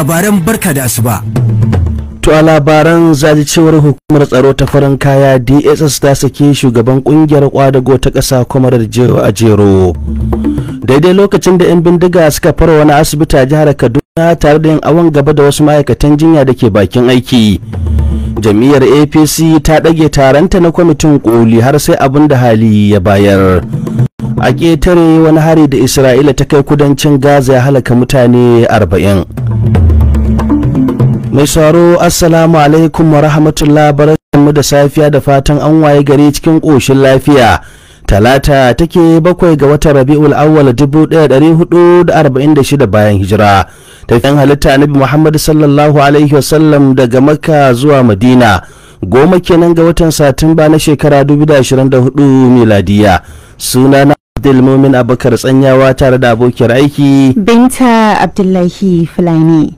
labaran barka da asuba. To a labaran zaji cewar hukumar tsaro ta farin kaya DSS ta saki shugaban kungiyar kwadago ta ƙasa da jero a jero. Daidai lokacin da 'yan bindiga suka fara wani asibiti a jihar Kaduna tare da yin awon gaba da wasu ma'aikatan jinya da ke bakin aiki. Jam'iyyar APC ta ɗage taronta na kwamitin koli har sai abin da hali ya bayar. a ƙetare wani hari da isra'ila ta kai kudancin gaza ya halaka mutane arba'in. mai sauraro assalamu alaikum wa rahmatullah mu da safiya da fatan an waye gari cikin ƙoshin lafiya talata take bakwai ga watan rabi'ul awwal 1446 bayan hijira tafiyan halitta nabi muhammad sallallahu alaihi wasallam daga makka zuwa madina goma kenan ga watan satumba na shekara 2024 miladiya na abdulmumin abubakar tsanyawa tare da abokiyar aiki binta abdullahi fulani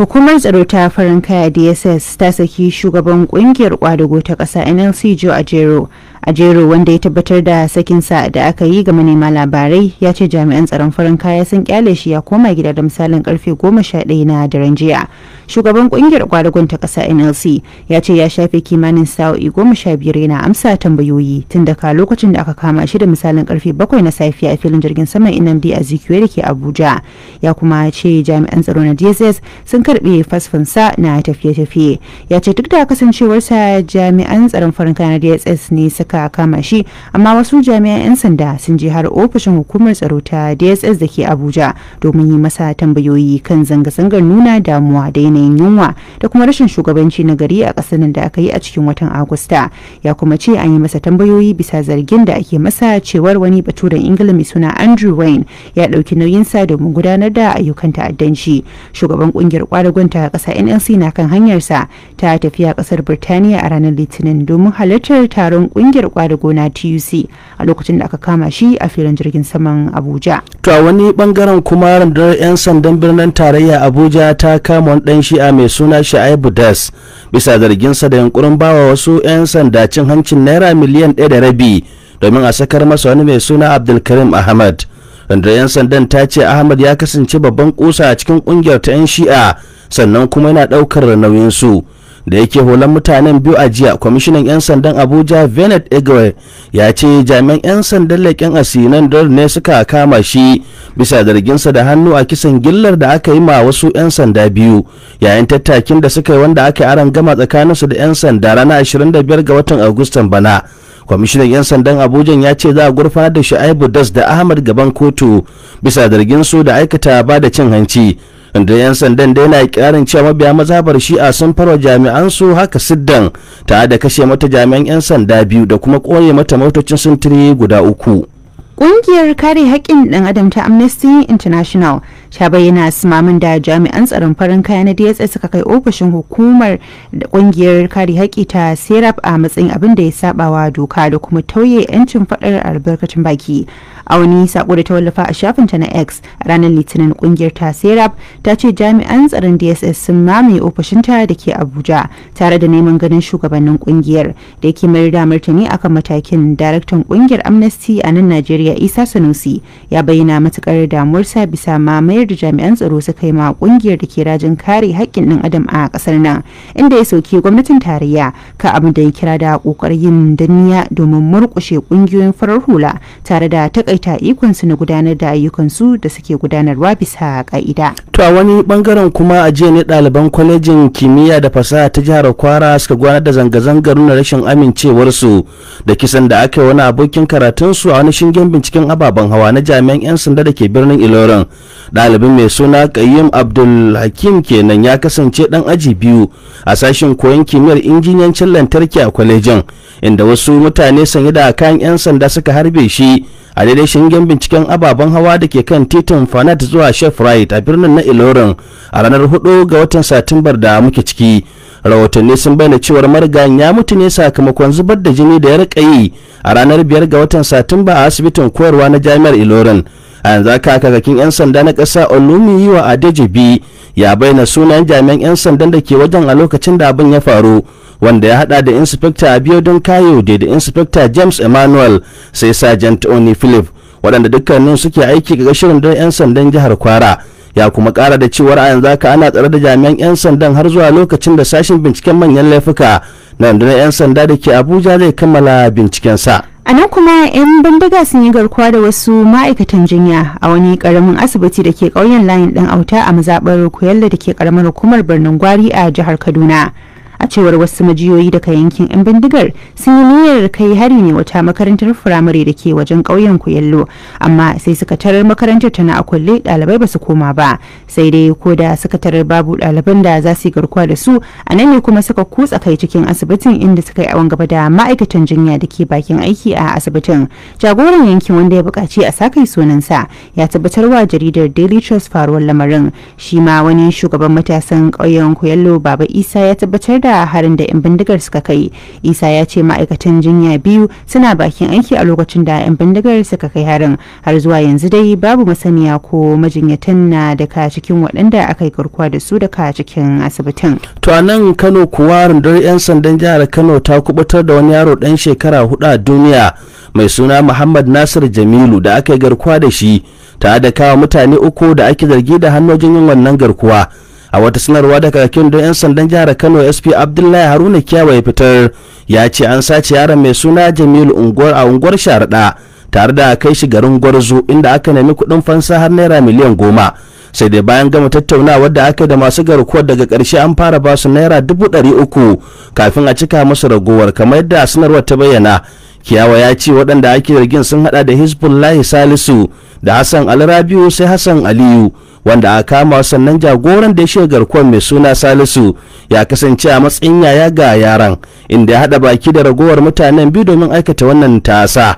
Hukumar tsaro ta farin kaya DSS ta saki shugaban kungiyar kwadago ta ƙasa NLC Joe Ajero ajero wanda ya tabbatar da sakinsa da aka yi ga manema labarai ya ce jami'an tsaron farin kaya sun kyale shi ya koma gida da misalin karfe 11 na daren jiya shugaban kungiyar kwadagon ta kasa nlc ya ce ya shafe kimanin sa'o'i 15 yana amsa tambayoyi tun daga lokacin da aka kama shi da misalin karfe 7 na safiya a filin jirgin saman nmd a zikiwe da ke abuja ya kuma ce jami'an tsaro na dss sun karbe sa na tafiye-tafiye ya ce duk da kasancewarsa jami'an tsaron farin kaya na dss ne suka kama shi amma wasu jami'an 'yan sanda sun je har ofishin hukumar tsaro ta dss da ke abuja domin yi masa tambayoyi kan zanga-zangar nuna damuwa da yanayin yunwa da kuma rashin shugabanci na gari a ƙasar da aka yi a cikin watan agusta ya kuma ce an yi masa tambayoyi bisa zargin da ake masa cewar wani baturen ingila mai suna andrew wayne ya ɗauki sa domin gudanar da ayyukan ta'addanci shugaban kungiyar kwadagon ta ƙasa nlc na kan hanyarsa ta tafiya ƙasar birtaniya a ranar litinin domin halartar taron kungiyar jam'iyyar gona tuc a lokacin da aka kama shi a filin jirgin saman abuja to a wani bangaren kuma rundunar 'yan sandan birnin tarayya abuja ta kama wani dan shi'a mai suna sha'ibu das bisa zarginsa da yankurin bawa wasu 'yan sanda cin hancin naira miliyan ɗaya da rabi domin a sakar masa wani mai suna abdulkarim ahmad rundunar 'yan sandan ta ce ahmad ya kasance babban kusa a cikin ƙungiyar ta 'yan shi'a sannan kuma yana ɗaukar nauyin su da yake holan mutanen biyu a jiya kwamishinan 'yan sandan abuja venet egwe ya ce jami'an 'yan sandan leƙen asinan dor ne suka kama shi bisa zarginsa da hannu a kisan gillar da aka yi ma wasu 'yan sanda biyu yayin tattakin da suka yi wanda aka yi aron gama tsakaninsu da 'yan sanda ranar 25 ga watan agustan bana kwamishinan 'yan sandan abuja ya ce za a gurfanar da shu'aibu das da ahmad gaban kotu bisa zargin su da aikata ba da cin hanci da 'yan sandan da yana ikirarin cewa mabiya bar shi'a sun farwa jami'an su haka siddan ta da kashe mata jami'an 'yan sanda biyu da kuma kone mata motocin sintiri guda uku ƙungiyar kare haƙƙin ɗan adam ta amnesty international ta bayyana sumamin da jami'an tsaron farin kaya na dss suka kai ofishin hukumar da kungiyar kare haƙƙi ta serap a matsayin abin da ya sabawa doka da kuma tauye 'yancin faɗar albarkacin baki a wani sako da ta wallafa a ta na x a ranar litinin kungiyar ta serap ta ce jami'an tsaron dss sun mamaye ta da ke abuja tare da neman ganin shugabannin kungiyar da ke mayar da martani akan matakin daraktan kungiyar amnesty a nan najeriya isa sanusi ya bayyana matukar damuwarsa bisa mamaye mamayar da jami'an tsaro suka yi ma kungiyar da ke rajin kare haƙƙin ɗan adam a ƙasar nan inda ya soki gwamnatin tarayya ka abin da ya kira da ƙoƙarin yin danniya domin murƙushe ƙungiyoyin farar hula tare da takaita ikonsu na gudanar da ayyukan su da suke gudanarwa bisa ƙa'ida. to a wani bangaren kuma a jiya ne ɗaliban kwalejin kimiyya da fasaha ta jihar kwara suka gudanar da zanga-zangar nuna rashin amincewarsu da kisan da aka yi wani abokin karatunsu a wani shingen binciken ababen hawa na jami'an 'yan sanda da ke birnin ilorin ɗalibin mai suna kayyum abdul hakim kenan ya kasance ɗan aji biyu a sashen koyon kimiyyar injiniyancin lantarki a kwalejin inda wasu mutane sanye da kayan 'yan sanda suka harbe shi a daidai shingen binciken ababen hawa da ke kan titin fanat zuwa shefrite a birnin na ilorin a ranar 4 ga watan satumbar da muke ciki rahotanni sun bayyana cewar marigayin ya mutu ne sakamakon zubar da jini da ya rika yi a ranar 5 ga watan satumba a asibitin koyarwa na jami'ar ilorin a yanzu haka kakakin 'yan sanda na kasa olumi yiwa adejibi ya bayyana sunan jami'an 'yan sandan da ke wajen a lokacin da abin ya faru wanda ya hada da inspector abiodun kayo da inspector james emmanuel sai sergeant oni philip waɗanda dukkanin suke aiki ga shirin don 'yan sandan jihar kwara ya kuma kara da cewar a yanzu haka ana tsare da jami'an 'yan sandan har zuwa lokacin da sashen binciken manyan laifuka na 'yan sanda da ke abuja zai kammala bincikensa a nan kuma 'yan bindiga sun yi garkuwa da wasu ma'aikatan jinya a wani karamin asibiti da ke ƙauyen layin ɗan auta a mazaɓar kuyalla da ke ƙaramar hukumar birnin gwari a jihar kaduna a cewar wasu majiyoyi daga yankin 'yan bindigar sun yi niyyar kai hari ne wata makarantar firamare da ke wajen ƙauyen kuyallo amma sai suka makarantar tana a kulle ɗalibai ba su koma ba sai dai ko da suka babu ɗaliban da za su yi garkuwa da su a nan ne kuma suka kutsa kai cikin asibitin inda suka yi awon gaba da ma'aikatan jinya da ke bakin aiki a asibitin jagoran yankin wanda ya buƙaci a sakai sunansa ya tabbatar wa jaridar daily trust faruwar lamarin shi ma wani shugaban matasan ƙauyen kuyallo baba isa ya tabbatar da da harin da 'yan bindigar suka kai isa ya ce ma'aikatan jinya biyu suna bakin aiki a lokacin da 'yan bindigar suka kai harin har zuwa yanzu dai babu masaniya ko majinyatan na daga cikin waɗanda aka yi garkuwa da su daga cikin asibitin to a nan kano kuwa rundunar 'yan sandan jihar kano ta kubutar da wani yaro dan shekara hudu a duniya mai suna muhammad nasir jamilu da aka yi garkuwa da shi ta da kawo mutane uku da ake zargi da hannojin yin wannan garkuwa a wata sanarwa daga kakin don 'yan sandan jihar kano sp abdullahi haruna kyawa ya fitar ya ce an sace yaron mai suna jamilu unguwar a unguwar sharaɗa tare da kai shi garin gwarzo inda aka nemi kuɗin fansa har naira miliyan goma sai dai bayan gama tattaunawa da aka da masu garkuwar daga ƙarshe an fara ba su naira dubu ɗari uku kafin a cika musu ragowar kamar yadda sanarwar ta bayyana kiyawa ya ce waɗanda ake zargin sun haɗa da hezbollah salisu da hassan alrabiu sai hassan aliyu wanda a kama sannan jagoran da ya shiga garkuwar mai suna salisu ya kasance a matsayin yaya ga yaran inda ya haɗa baki da ragowar mutanen biyu domin aikata wannan tasa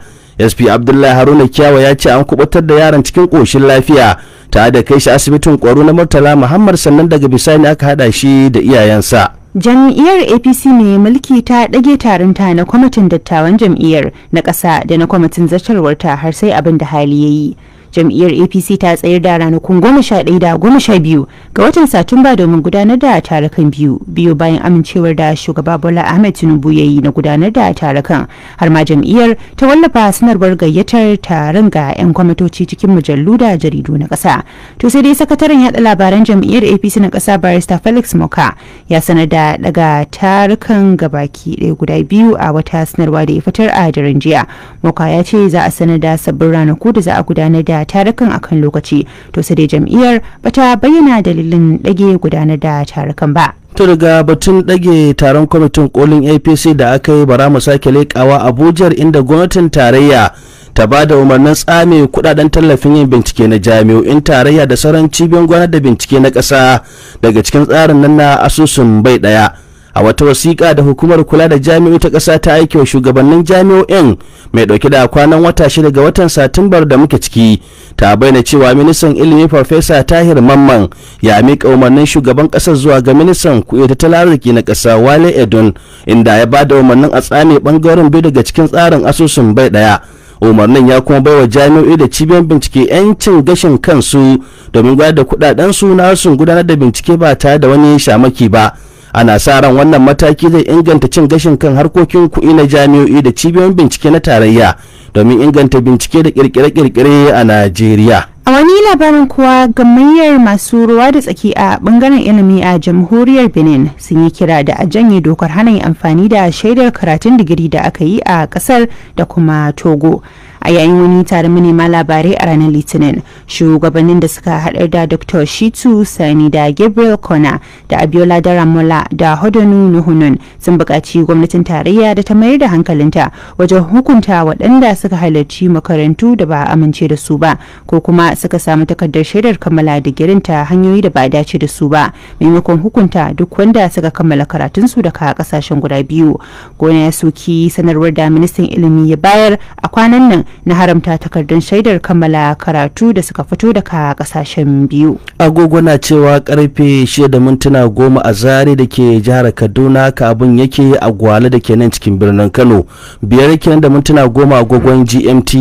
sp abdullahi haruna kyawa ya ce an kubutar da yaran cikin koshin lafiya ta da kai shi asibitin kwaro na murtala muhammad sannan daga bisani aka hada shi da iyayensa jam'iyyar apc mai mulki ta ɗage taron ta na kwamitin dattawan jam'iyyar na ƙasa da na kwamitin zartarwarta har sai abin da hali ya yi jam'iyyar apc ta tsayar da ranakun goma sha ɗaya da goma sha biyu ga watan satumba domin gudanar da tarakan biyu biyu bayan amincewar da shugaba bola ahmed tinubu ya yi na gudanar da tarakan har ma jam'iyyar ta wallafa sanarwar gayyatar taron ga 'yan kwamitoci cikin mujallu da jaridu na ƙasa to sai dai sakataren yaɗa labaran jam'iyyar apc na ƙasa barista felix moka ya sanar da daga tarukan gabaki ɗaya guda biyu a wata sanarwa da ya fitar a daren jiya moka ya ce za a sanar da sabbin ranaku da za a gudanar da tarukan akan lokaci to sai dai jam'iyyar bata bayyana dalilin ɗage gudanar da tarukan ba ta daga batun ɗage taron kwamitin kolin apc da aka yi bara mu sake leƙawa abujar inda gwamnatin tarayya ta ba da umarnin tsame kudaden tallafin yin bincike na jami'o'in tarayya da sauran cibiyar gwamnati da bincike na ƙasa daga cikin tsarin nan na asusun bai ɗaya a wata wasiƙa da hukumar kula da jami'o'i ta ƙasa ta aiki wa shugabannin jami'o'in mai ɗauke da kwanan wata shida ga watan satumbar da muke ciki ta bayyana cewa ministan ilimi farfesa tahir mamman ya miƙa umarnin shugaban ƙasar zuwa ga ministan kuɗi ta arziki na ƙasa wale edun inda ya ba da umarnin a tsame ɓangaren biyu daga cikin tsarin asusun bai ɗaya umarnin ya kuma baiwa jami'o'i da cibiyar bincike 'yancin gashin kansu domin gudanar da kudaden su na sun gudanar da bincike ba tare da wani shamaki ba ana sa ran wannan mataki zai inganta cin gashin kan harkokin kuɗi na jami'o'i da cibiyoyin bincike na tarayya domin inganta bincike da kirkire-kirkire a najeriya a wani labarin kuwa gamayyar masu ruwa da tsaki a bangaren ilimi a jamhuriyar benin sun yi kira da a janye dokar hana amfani da shaidar karatun digiri da aka yi a kasar da kuma togo a yayin wani taron manema labarai a ranar litinin shugabannin da suka haɗar da dr shitu sani da gabriel kona da abiola daramola da hodonu nuhunun sun bukaci gwamnatin tarayya da ta mayar da hankalinta wajen hukunta waɗanda suka halarci makarantu da ba a amince da su ba ko kuma suka samu takardar shaidar kammala digirin ta hanyoyi da ba dace da su ba maimakon hukunta duk wanda suka kammala karatun karatunsu daga kasashen guda biyu gona ya soki sanarwar da ministan ilimi ya bayar a kwanan nan na haramta takardun shaidar kammala karatu da suka fito daga kasashen biyu agogo na cewa karfe 6 da mintuna goma a zare da ke jihar kaduna ka abin yake a gwale da ke nan cikin birnin kano biyar kenan da mintuna goma agogon gmt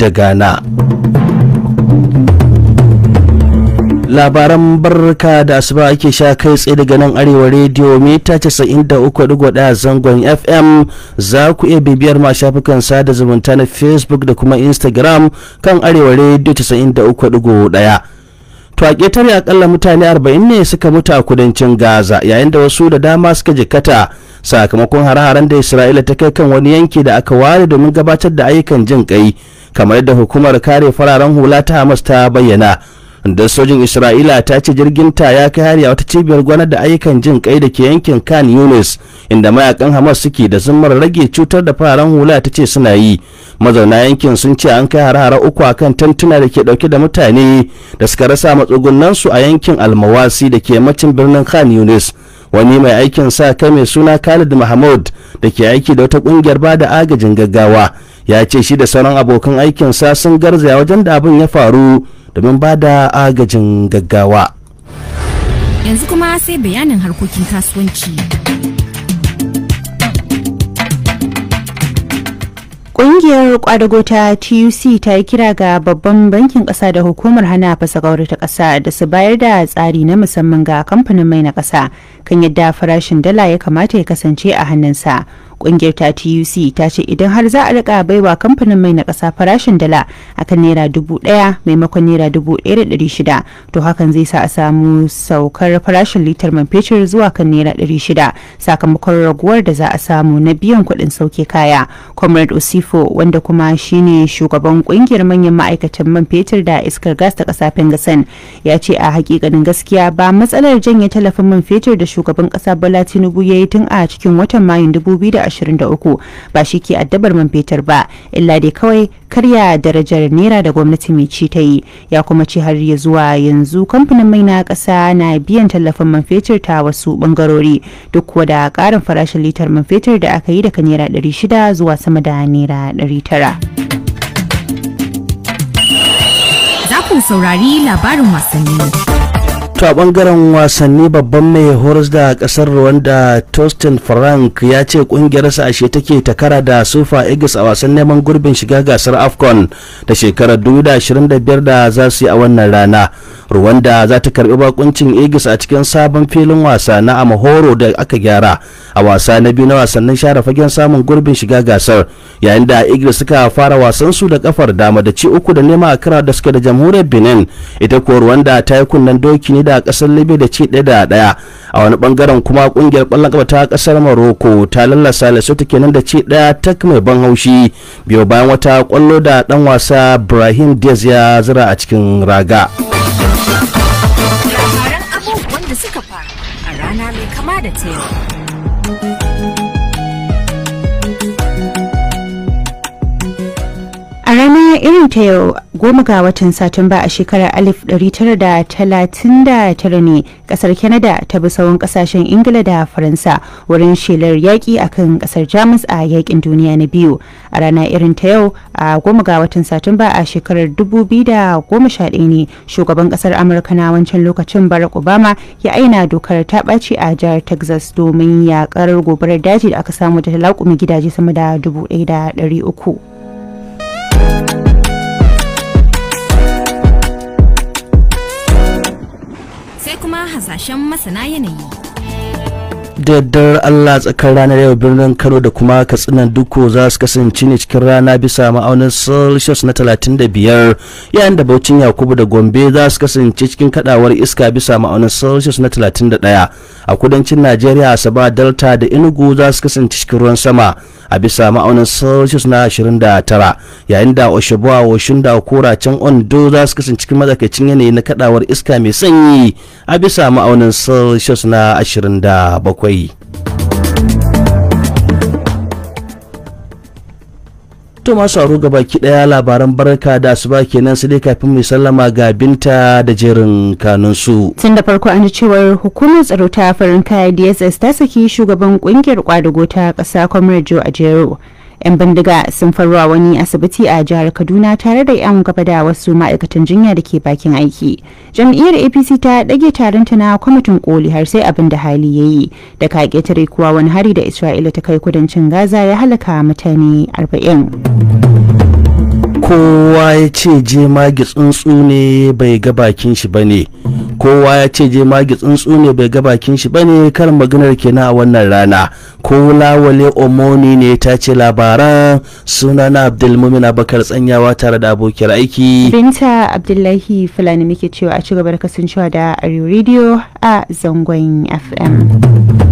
da ghana labaran barka da asuba ake sha kai tsaye daga nan arewa rediyo mita 93.1 zangon fm za ku iya bibiyar ma shafukan sada zumunta na facebook da kuma instagram kan arewa rediyo 93.1 to a ƙetare akalla mutane arba'in ne suka mutu a kudancin gaza yayin da wasu da dama suka jikkata sakamakon hare-haren da isra'ila ta kai kan wani yanki da aka ware domin gabatar da ayyukan jin kai kamar da hukumar kare fararen hula ta hamas ta bayyana da sojin isra'ila ta ce jirginta ya kai hari a wata cibiyar gwana da ayyukan jin kai da ke yankin kan yunis inda mayakan hamas suke da zimmar rage cutar da fararen hula ta ce suna yi mazauna yankin sun ce an kai hare-hare uku a kan tantuna da ke dauke da mutane da suka rasa matsugunansu a yankin almawasi da ke macin birnin khan yunis wani mai aikin sa kai mai suna khalid mahmud da ke aiki da wata kungiyar ba da agajin gaggawa ya ce shi da sauran abokan aikinsa sun garzaya wajen da abin ya faru domin ba da agajin gaggawa yanzu kuma sai bayanin harkokin kasuwanci Ƙungiyar ƙwadago ta TUC ta yi kira ga babban bankin ƙasa da hukumar hana fasakauri ta ƙasa da su bayar da tsari na musamman ga kamfanin mai na ƙasa kan yadda farashin dala ya kamata ya kasance a hannunsa. kungiyar ta tuc ta ce idan har za a rika baiwa kamfanin mai na kasa farashin dala akan naira dubu daya maimakon naira dubu daya da dari shida to hakan zai sa a samu saukar farashin litar man fetur zuwa kan naira dari shida sakamakon raguwar da za a samu na biyan kuɗin sauke kaya comrade osifo wanda kuma shine shugaban kungiyar manyan ma'aikatan man fetur da iskar gas ta kasa gasan ya ce a hakikanin gaskiya ba matsalar janye talafin man fetur da shugaban kasa bala tinubu ya yi tun a cikin watan mayun 2020 2023 ba shi ke addabar man fetur ba illa dai kawai karya darajar naira da gwamnati mai ci ta yi ya kuma ci har ya zuwa yanzu kamfanin mai na ƙasa na biyan tallafin man fetur ta wasu bangarori duk kuwa da ƙarin farashin litar man fetur da aka yi daga naira 600 zuwa sama da naira 900. zafin saurari labarin wasanni. to a bangaren wasanni babban mai horas da kasar rwanda tostin frank ya ce kungiyarsa ashe take takara da sufa eagles a wasan neman gurbin shiga gasar afcon da shekarar 2025 da za su yi a wannan rana ruwanda za ta karbi bakuncin igis a cikin sabon filin wasa na amahoro da aka gyara a wasa na biyu na wasannin share fagen samun gurbin shiga gasar yayin da igis suka fara wasan su da kafar dama da ci uku da nema a kira da suka da jamhuriyar benin ita ko ruwanda ta yi kunnen doki ne da kasar libya da ci ɗaya da ɗaya a wani bangaren kuma kungiyar kwallon kafa ta kasar morocco ta lallasa lesotho kenan da ci ɗaya tak mai ban haushi biyo bayan wata kwallo da dan wasa ibrahim diaz ya zira a cikin raga. Labaran abubuwan da suka faru a rana mai kama da ta A rana irin ta yau goma ga watan Satumba a shekarar 1939 ne kasar Canada ta bi sauran kasashen Ingila da Faransa wurin shelar yaƙi akan kasar Jamus a yaƙin duniya na biyu. A rana irin ta yau a goma ga watan Satumba a shekarar 2011 ne shugaban kasar Amurka na wancan lokacin Barack Obama ya aina dokar ta ɓaci a jihar Texas domin yaƙar gobarar daji da aka samu da talakumin gidaje sama da 1,300. hasashen masana yanayi. da yardar Allah tsakar ranar yau birnin Kano da kuma Katsina Duko za su kasance ne cikin rana bisa ma'aunin Celsius na 35 yayin da Bauchin Yakubu da Gombe za su kasance cikin kadawar iska bisa ma'aunin Celsius na 31 a kudancin Najeriya Asaba Delta da Enugu za su kasance cikin ruwan sama a bisa ma'aunin Celsius na 29 yayin da Oshobuwa Oshun da Koracen Ondo za su kasance cikin matsakaicin yanayi na kadawar iska mai sanyi a bisa ma'aunin Celsius na 27 to masu aro gaba ki daya labaran barka da asuba kenan su dai kafin mai sallama ga binta da jerin kanun su tun da farko an ji cewar hukumar tsaro ta farin kaya dss ta saki shugaban kungiyar kwadago ta kasa comrade joe ajero 'yan bindiga sun farwa wani asibiti a jihar kaduna tare da 'yan gaba da wasu ma'aikatan jinya da ke bakin aiki jam'iyyar apc ta ɗage taron ta na kwamitin koli har sai abin da hali ya yi da ka ƙetare kuwa wani hari da isra'ila ta kai kudancin gaza ya halaka mutane 40 kowa ya ce je magi tsuntsu ne bai ga bakin shi ba ne kowa ya ce je magi tsuntsu ne bai ga bakin shi bane karin maganar kenan a wannan rana ko lawale omoni ne ta ce labaran suna na abdulmumin abakar tsanyawa tare da abokiyar aiki binta abdullahi fulani muke cewa a ci gaba da kasancewa da arewa radio a zangon fm